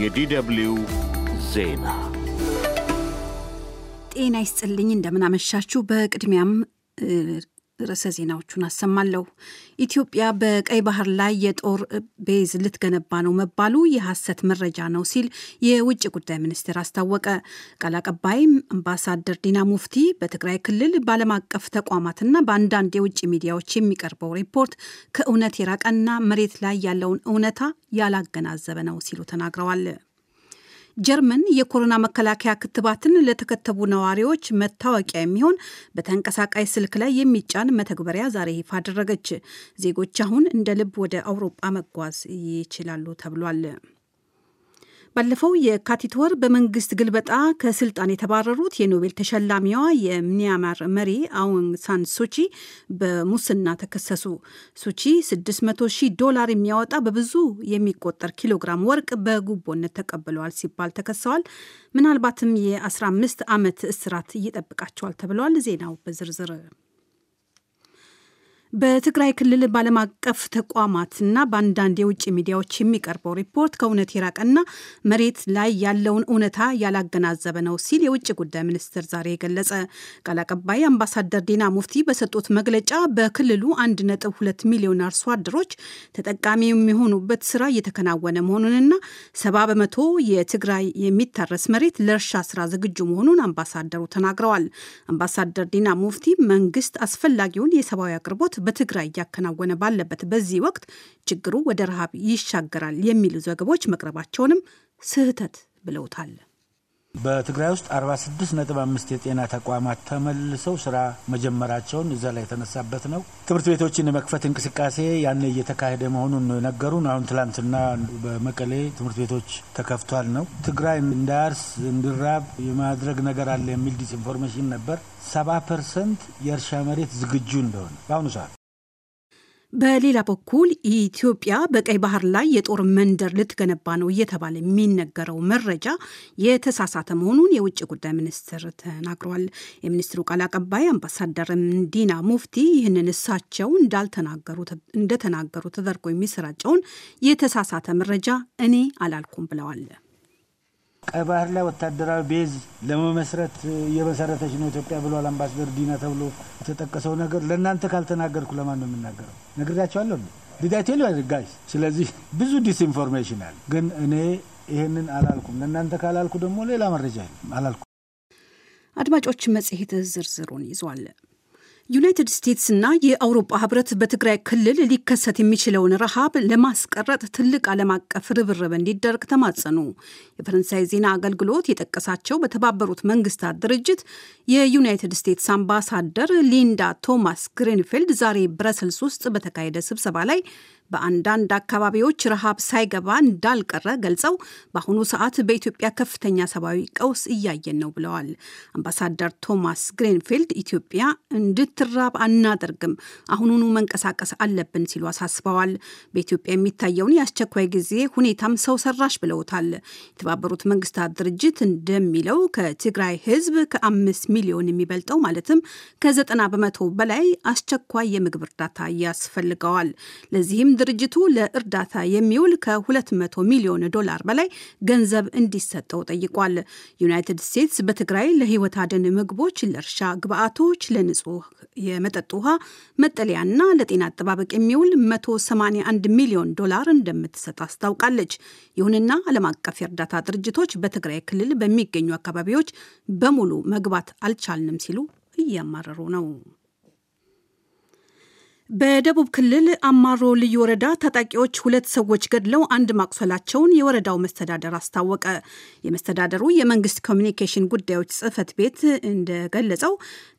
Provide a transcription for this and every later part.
የዲደብልዩ ዜና ጤና ይስጥልኝ። እንደምናመሻችሁ በቅድሚያም ርዕሰ ዜናዎቹን አሰማለሁ። ኢትዮጵያ በቀይ ባህር ላይ የጦር ቤዝ ልትገነባ ነው መባሉ የሐሰት መረጃ ነው ሲል የውጭ ጉዳይ ሚኒስቴር አስታወቀ። ቃል አቀባይ አምባሳደር ዲና ሙፍቲ በትግራይ ክልል በዓለም አቀፍ ተቋማትና በአንዳንድ የውጭ ሚዲያዎች የሚቀርበው ሪፖርት ከእውነት የራቀና መሬት ላይ ያለውን እውነታ ያላገናዘበ ነው ሲሉ ተናግረዋል። ጀርመን የኮሮና መከላከያ ክትባትን ለተከተቡ ነዋሪዎች መታወቂያ የሚሆን በተንቀሳቃሽ ስልክ ላይ የሚጫን መተግበሪያ ዛሬ ይፋ አደረገች። ዜጎች አሁን እንደ ልብ ወደ አውሮጳ መጓዝ ይችላሉ ተብሏል። ባለፈው የካቲት ወር በመንግስት ግልበጣ ከስልጣን የተባረሩት የኖቤል ተሸላሚዋ የሚያማር መሪ አውን ሳን ሱቺ በሙስና ተከሰሱ። ሱቺ 600 ሺህ ዶላር የሚያወጣ በብዙ የሚቆጠር ኪሎግራም ወርቅ በጉቦነት ተቀብለዋል ሲባል ተከሰዋል። ምናልባትም የ15 ዓመት እስራት ይጠብቃቸዋል ተብለዋል። ዜናው በዝርዝር በትግራይ ክልል በዓለም አቀፍ ተቋማትና በአንዳንድ የውጭ ሚዲያዎች የሚቀርበው ሪፖርት ከእውነት የራቀና መሬት ላይ ያለውን እውነታ ያላገናዘበ ነው ሲል የውጭ ጉዳይ ሚኒስትር ዛሬ ገለጸ። ቃል አቀባይ አምባሳደር ዲና ሙፍቲ በሰጡት መግለጫ በክልሉ 1.2 ሚሊዮን አርሶ አደሮች ተጠቃሚ የሚሆኑበት ስራ እየተከናወነ መሆኑንና ሰባ በመቶ የትግራይ የሚታረስ መሬት ለእርሻ ስራ ዝግጁ መሆኑን አምባሳደሩ ተናግረዋል። አምባሳደር ዲና ሙፍቲ መንግስት አስፈላጊውን የሰብአዊ አቅርቦት በትግራይ እያከናወነ ባለበት በዚህ ወቅት ችግሩ ወደ ረሃብ ይሻገራል የሚሉ ዘገቦች መቅረባቸውንም ስህተት ብለውታል። በትግራይ ውስጥ 5 የጤና ተቋማት ተመልሰው ስራ መጀመራቸውን እዛ ላይ የተነሳበት ነው። ትምህርት ቤቶችን የመክፈት እንቅስቃሴ ያኔ እየተካሄደ መሆኑን ነው የነገሩን። አሁን ትላንትና በመቀሌ ትምህርት ቤቶች ተከፍቷል ነው። ትግራይ እንዳያርስ እንዲራብ የማድረግ ነገር አለ የሚል ዲስኢንፎርሜሽን ነበር። 70 ፐርሰንት የእርሻ መሬት ዝግጁ እንደሆነ በአሁኑ ሰዓት በሌላ በኩል ኢትዮጵያ በቀይ ባህር ላይ የጦር መንደር ልትገነባ ነው እየተባለ የሚነገረው መረጃ የተሳሳተ መሆኑን የውጭ ጉዳይ ሚኒስትር ተናግረዋል። የሚኒስትሩ ቃል አቀባይ አምባሳደር ዲና ሙፍቲ ይህንን እሳቸው እንዳልተናገሩ እንደተናገሩ ተደርጎ የሚሰራጨውን የተሳሳተ መረጃ እኔ አላልኩም ብለዋል። ከባህር ላይ ወታደራዊ ቤዝ ለመመስረት እየመሰረተች ነው ኢትዮጵያ ብሏል አምባሳደር ዲና ተብሎ የተጠቀሰው ነገር ለእናንተ ካልተናገርኩ ለማን ነው የምናገረው? ነግሬያቸዋለሁ። ዲዳቴል ጋሽ። ስለዚህ ብዙ ዲስኢንፎርሜሽን አለ። ግን እኔ ይህንን አላልኩም። ለእናንተ ካላልኩ ደግሞ ሌላ መረጃ አላልኩም። አድማጮች፣ መጽሔት ዝርዝሩን ይዟል። ዩናይትድ ስቴትስና የአውሮፓ ህብረት በትግራይ ክልል ሊከሰት የሚችለውን ረሃብ ለማስቀረጥ ትልቅ ዓለም አቀፍ ርብርብ እንዲደረግ ተማጸኑ። የፈረንሳይ ዜና አገልግሎት የጠቀሳቸው በተባበሩት መንግስታት ድርጅት የዩናይትድ ስቴትስ አምባሳደር ሊንዳ ቶማስ ግሪንፊልድ ዛሬ ብረሰልስ ውስጥ በተካሄደ ስብሰባ ላይ በአንዳንድ አካባቢዎች ረሃብ ሳይገባ እንዳልቀረ ገልጸው በአሁኑ ሰዓት በኢትዮጵያ ከፍተኛ ሰብአዊ ቀውስ እያየን ነው ብለዋል። አምባሳደር ቶማስ ግሪንፊልድ ኢትዮጵያ እንድትራብ አናደርግም፣ አሁኑኑ መንቀሳቀስ አለብን ሲሉ አሳስበዋል። በኢትዮጵያ የሚታየውን የአስቸኳይ ጊዜ ሁኔታም ሰው ሰራሽ ብለውታል። የተባበሩት መንግስታት ድርጅት እንደሚለው ከትግራይ ህዝብ ከአምስት ሚሊዮን የሚበልጠው ማለትም ከዘጠና በመቶ በላይ አስቸኳይ የምግብ እርዳታ ያስፈልገዋል። ለዚህም ድርጅቱ ለእርዳታ የሚውል ከ200 ሚሊዮን ዶላር በላይ ገንዘብ እንዲሰጠው ጠይቋል። ዩናይትድ ስቴትስ በትግራይ ለህይወት አድን ምግቦች፣ ለእርሻ ግብዓቶች፣ ለንጹህ የመጠጥ ውሃ፣ መጠለያና ለጤና አጠባበቅ የሚውል 181 ሚሊዮን ዶላር እንደምትሰጥ አስታውቃለች። ይሁንና ዓለም አቀፍ የእርዳታ ድርጅቶች በትግራይ ክልል በሚገኙ አካባቢዎች በሙሉ መግባት አልቻልንም ሲሉ እያማረሩ ነው። በደቡብ ክልል አማሮ ልዩ ወረዳ ታጣቂዎች ሁለት ሰዎች ገድለው አንድ ማቁሰላቸውን የወረዳው መስተዳደር አስታወቀ። የመስተዳደሩ የመንግስት ኮሚኒኬሽን ጉዳዮች ጽህፈት ቤት እንደገለጸው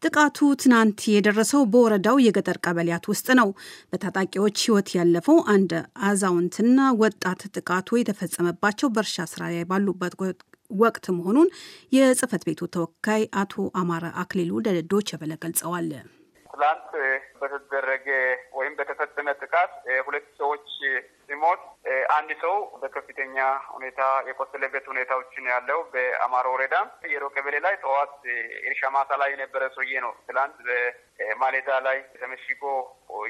ጥቃቱ ትናንት የደረሰው በወረዳው የገጠር ቀበሌያት ውስጥ ነው። በታጣቂዎች ህይወት ያለፈው አንድ አዛውንትና ወጣት ጥቃቱ የተፈጸመባቸው በእርሻ ስራ ላይ ባሉበት ወቅት መሆኑን የጽህፈት ቤቱ ተወካይ አቶ አማረ አክሊሉ ለዶይቼ ቬለ ገልጸዋል። ትላንት በተደረገ ወይም በተፈጸመ ጥቃት ሁለት ሰዎች ሲሞት አንድ ሰው በከፍተኛ ሁኔታ የቆሰለበት ሁኔታዎችን ያለው በአማሮ ወረዳ የሮ ቀበሌ ላይ ጠዋት እርሻ ማሳ ላይ የነበረ ሰውዬ ነው። ትላንት በማሌዳ ላይ ተመሽጎ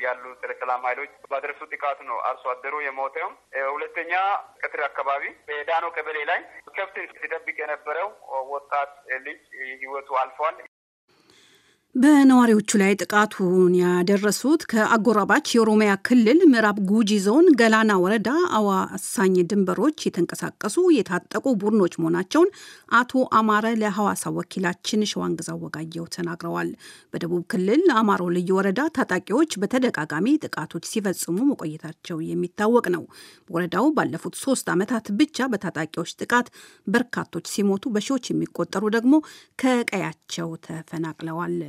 ያሉ ፀረ ሰላም ኃይሎች ባደረሱ ጥቃት ነው አርሶ አደሩ የሞተው። ሁለተኛ ቅትር አካባቢ በዳኖ ቀበሌ ላይ ከብትን ሲጠብቅ የነበረው ወጣት ልጅ ህይወቱ አልፏል። በነዋሪዎቹ ላይ ጥቃቱን ያደረሱት ከአጎራባች የኦሮሚያ ክልል ምዕራብ ጉጂ ዞን ገላና ወረዳ አዋሳኝ ድንበሮች የተንቀሳቀሱ የታጠቁ ቡድኖች መሆናቸውን አቶ አማረ ለሐዋሳ ወኪላችን ሸዋንግዛ ወጋየው ተናግረዋል። በደቡብ ክልል አማሮ ልዩ ወረዳ ታጣቂዎች በተደጋጋሚ ጥቃቶች ሲፈጽሙ መቆየታቸው የሚታወቅ ነው። ወረዳው ባለፉት ሶስት ዓመታት ብቻ በታጣቂዎች ጥቃት በርካቶች ሲሞቱ፣ በሺዎች የሚቆጠሩ ደግሞ ከቀያቸው ተፈናቅለዋል።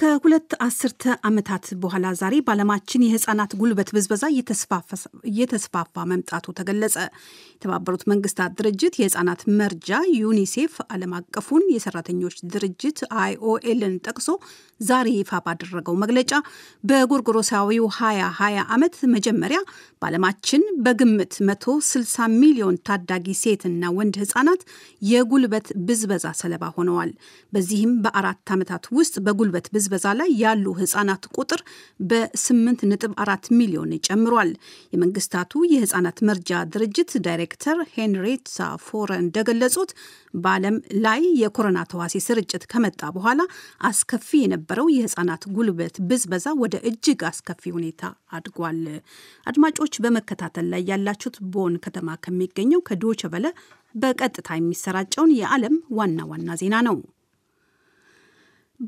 ከሁለት አስርተ ዓመታት በኋላ ዛሬ በዓለማችን የህፃናት ጉልበት ብዝበዛ እየተስፋፋ መምጣቱ ተገለጸ። የተባበሩት መንግስታት ድርጅት የህፃናት መርጃ ዩኒሴፍ ዓለም አቀፉን የሰራተኞች ድርጅት አይኦኤልን ጠቅሶ ዛሬ ይፋ ባደረገው መግለጫ በጎርጎሮሳዊው 2020 ዓመት መጀመሪያ በዓለማችን በግምት 160 ሚሊዮን ታዳጊ ሴትና ወንድ ህፃናት የጉልበት ብዝበዛ ሰለባ ሆነዋል። በዚህም በአራት ዓመታት ውስጥ በጉልበት ብዝበዛ ላይ ያሉ ህጻናት ቁጥር በ8.4 ሚሊዮን ጨምሯል። የመንግስታቱ የህጻናት መርጃ ድርጅት ዳይሬክተር ሄንሪታ ፎረ እንደገለጹት በዓለም ላይ የኮሮና ተዋሲ ስርጭት ከመጣ በኋላ አስከፊ የነበረው የህጻናት ጉልበት ብዝበዛ ወደ እጅግ አስከፊ ሁኔታ አድጓል። አድማጮች በመከታተል ላይ ያላችሁት ቦን ከተማ ከሚገኘው ከዶቸበለ በቀጥታ የሚሰራጨውን የዓለም ዋና ዋና ዜና ነው።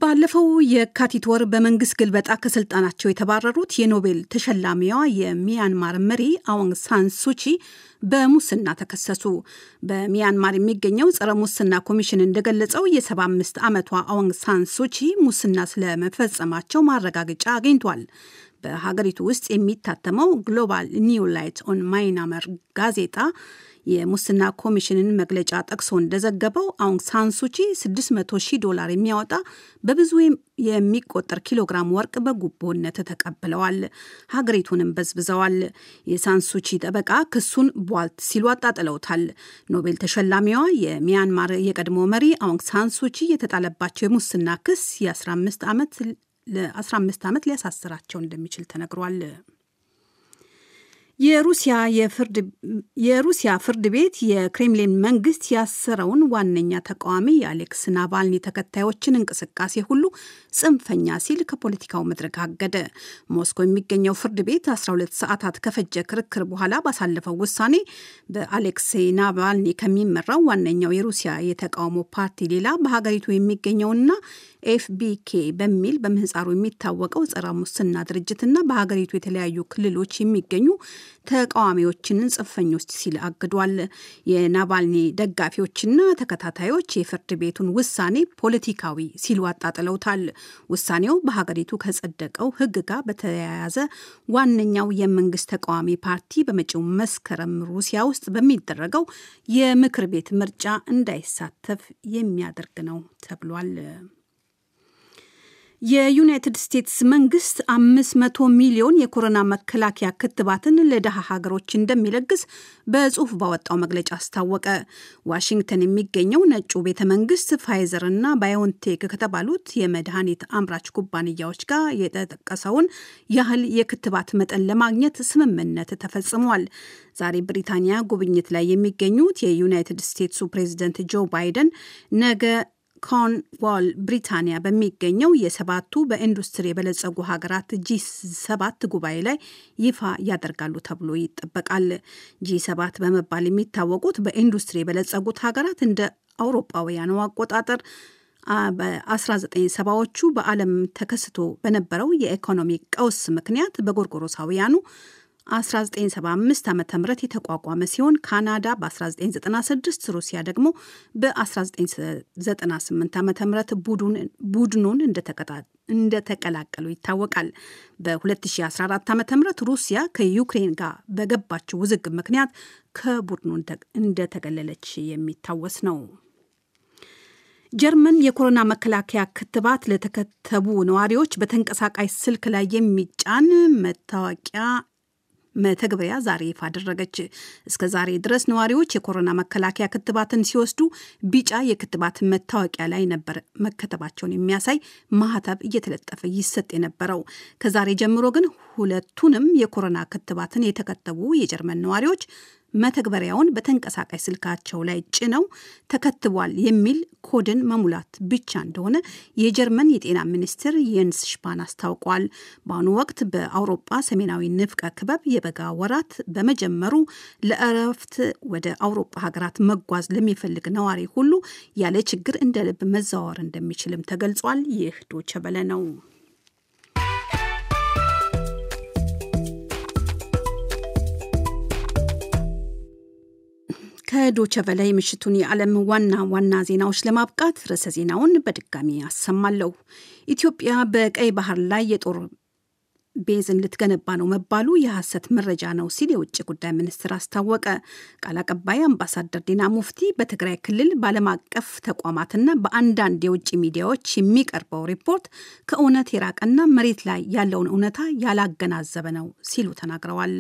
ባለፈው የካቲት ወር በመንግስት ግልበጣ ከስልጣናቸው የተባረሩት የኖቤል ተሸላሚዋ የሚያንማር መሪ አውንግ ሳን ሱቺ በሙስና ተከሰሱ። በሚያንማር የሚገኘው ጸረ ሙስና ኮሚሽን እንደገለጸው የ75 ዓመቷ አውንግ ሳን ሱቺ ሙስና ስለመፈጸማቸው ማረጋገጫ አግኝቷል። በሀገሪቱ ውስጥ የሚታተመው ግሎባል ኒው ላይት ኦን ማይናመር ጋዜጣ የሙስና ኮሚሽንን መግለጫ ጠቅሶ እንደዘገበው አውንግ ሳንሱቺ 600 ሺህ ዶላር የሚያወጣ በብዙ የሚቆጠር ኪሎግራም ወርቅ በጉቦነት ተቀብለዋል፣ ሀገሪቱንም በዝብዘዋል። የሳንሱቺ ጠበቃ ክሱን ቧልት ሲሉ አጣጥለውታል። ኖቤል ተሸላሚዋ የሚያንማር የቀድሞ መሪ አውንግ ሳንሱቺ የተጣለባቸው የሙስና ክስ የ15 ዓመት ለ15 ዓመት ሊያሳስራቸው እንደሚችል ተነግሯል። የሩሲያ ፍርድ ቤት የክሬምሊን መንግስት ያሰረውን ዋነኛ ተቃዋሚ የአሌክስ ናቫልኒ ተከታዮችን እንቅስቃሴ ሁሉ ጽንፈኛ ሲል ከፖለቲካው መድረክ አገደ። ሞስኮ የሚገኘው ፍርድ ቤት 12 ሰዓታት ከፈጀ ክርክር በኋላ ባሳለፈው ውሳኔ በአሌክሴይ ናቫልኒ ከሚመራው ዋነኛው የሩሲያ የተቃውሞ ፓርቲ ሌላ በሀገሪቱ የሚገኘውና ኤፍቢኬ በሚል በምህፃሩ የሚታወቀው ጸረ ሙስና ድርጅትና በሀገሪቱ የተለያዩ ክልሎች የሚገኙ ተቃዋሚዎችንን ጽንፈኞች ሲል አግዷል። የናቫልኒ ደጋፊዎችና ተከታታዮች የፍርድ ቤቱን ውሳኔ ፖለቲካዊ ሲሉ አጣጥለውታል። ውሳኔው በሀገሪቱ ከጸደቀው ህግ ጋር በተያያዘ ዋነኛው የመንግስት ተቃዋሚ ፓርቲ በመጪው መስከረም ሩሲያ ውስጥ በሚደረገው የምክር ቤት ምርጫ እንዳይሳተፍ የሚያደርግ ነው ተብሏል። የዩናይትድ ስቴትስ መንግስት መቶ ሚሊዮን የኮሮና መከላከያ ክትባትን ለደሃ ሀገሮች እንደሚለግስ በጽሁፍ ባወጣው መግለጫ አስታወቀ። ዋሽንግተን የሚገኘው ነጩ ቤተ መንግስት ፋይዘር እና ባዮንቴክ ከተባሉት የመድኃኒት አምራች ኩባንያዎች ጋር የተጠቀሰውን ያህል የክትባት መጠን ለማግኘት ስምምነት ተፈጽሟል። ዛሬ ብሪታንያ ጉብኝት ላይ የሚገኙት የዩናይትድ ስቴትሱ ፕሬዚደንት ጆ ባይደን ነገ ኮርንዋል ብሪታንያ በሚገኘው የሰባቱ በኢንዱስትሪ የበለጸጉ ሀገራት ጂ ሰባት ጉባኤ ላይ ይፋ ያደርጋሉ ተብሎ ይጠበቃል። ጂ ሰባት በመባል የሚታወቁት በኢንዱስትሪ የበለጸጉት ሀገራት እንደ አውሮፓውያኑ አቆጣጠር በ1970ዎቹ በዓለም ተከስቶ በነበረው የኢኮኖሚ ቀውስ ምክንያት በጎርጎሮሳውያኑ 1975 ዓ ም የተቋቋመ ሲሆን ካናዳ በ1996 ሩሲያ ደግሞ በ1998 ዓ ም ቡድኑን እንደተቀላቀሉ ይታወቃል። በ2014 ዓ ም ሩሲያ ከዩክሬን ጋር በገባችው ውዝግብ ምክንያት ከቡድኑ እንደተገለለች የሚታወስ ነው። ጀርመን የኮሮና መከላከያ ክትባት ለተከተቡ ነዋሪዎች በተንቀሳቃሽ ስልክ ላይ የሚጫን መታወቂያ መተግበሪያ ዛሬ ይፋ አደረገች። እስከ ዛሬ ድረስ ነዋሪዎች የኮሮና መከላከያ ክትባትን ሲወስዱ ቢጫ የክትባት መታወቂያ ላይ ነበር መከተባቸውን የሚያሳይ ማህተብ እየተለጠፈ ይሰጥ የነበረው። ከዛሬ ጀምሮ ግን ሁለቱንም የኮሮና ክትባትን የተከተቡ የጀርመን ነዋሪዎች መተግበሪያውን በተንቀሳቃሽ ስልካቸው ላይ ጭነው ተከትቧል የሚል ኮድን መሙላት ብቻ እንደሆነ የጀርመን የጤና ሚኒስትር የንስ ሽፓን አስታውቋል። በአሁኑ ወቅት በአውሮጳ ሰሜናዊ ንፍቀ ክበብ የበጋ ወራት በመጀመሩ ለእረፍት ወደ አውሮጳ ሀገራት መጓዝ ለሚፈልግ ነዋሪ ሁሉ ያለ ችግር እንደ ልብ መዘዋወር እንደሚችልም ተገልጿል። ይህ ዶቸበለ ነው። ከዶቸቨለ የምሽቱን የዓለም ዋና ዋና ዜናዎች ለማብቃት ርዕሰ ዜናውን በድጋሚ አሰማለሁ። ኢትዮጵያ በቀይ ባህር ላይ የጦር ቤዝን ልትገነባ ነው መባሉ የሐሰት መረጃ ነው ሲል የውጭ ጉዳይ ሚኒስትር አስታወቀ። ቃል አቀባይ አምባሳደር ዲና ሙፍቲ በትግራይ ክልል በዓለም አቀፍ ተቋማትና በአንዳንድ የውጭ ሚዲያዎች የሚቀርበው ሪፖርት ከእውነት የራቀና መሬት ላይ ያለውን እውነታ ያላገናዘበ ነው ሲሉ ተናግረዋል።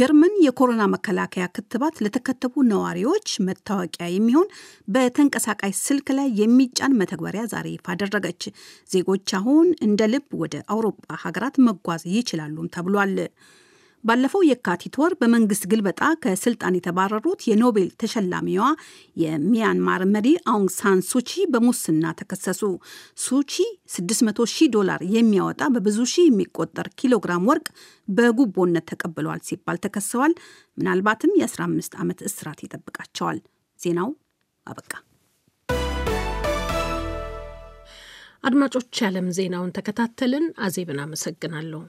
ጀርመን የኮሮና መከላከያ ክትባት ለተከተቡ ነዋሪዎች መታወቂያ የሚሆን በተንቀሳቃሽ ስልክ ላይ የሚጫን መተግበሪያ ዛሬ ይፋ አደረገች። ዜጎች አሁን እንደ ልብ ወደ አውሮፓ ሀገራት መጓ መጓዝ ይችላሉም ተብሏል። ባለፈው የካቲት ወር በመንግስት ግልበጣ ከስልጣን የተባረሩት የኖቤል ተሸላሚዋ የሚያንማር መሪ አውንግ ሳን ሱቺ በሙስና ተከሰሱ። ሱቺ 600 ሺህ ዶላር የሚያወጣ በብዙ ሺህ የሚቆጠር ኪሎግራም ወርቅ በጉቦነት ተቀብለዋል ሲባል ተከሰዋል። ምናልባትም የ15 ዓመት እስራት ይጠብቃቸዋል። ዜናው አበቃ። አድማጮች፣ የዓለም ዜናውን ተከታተልን። አዜብን አመሰግናለሁ።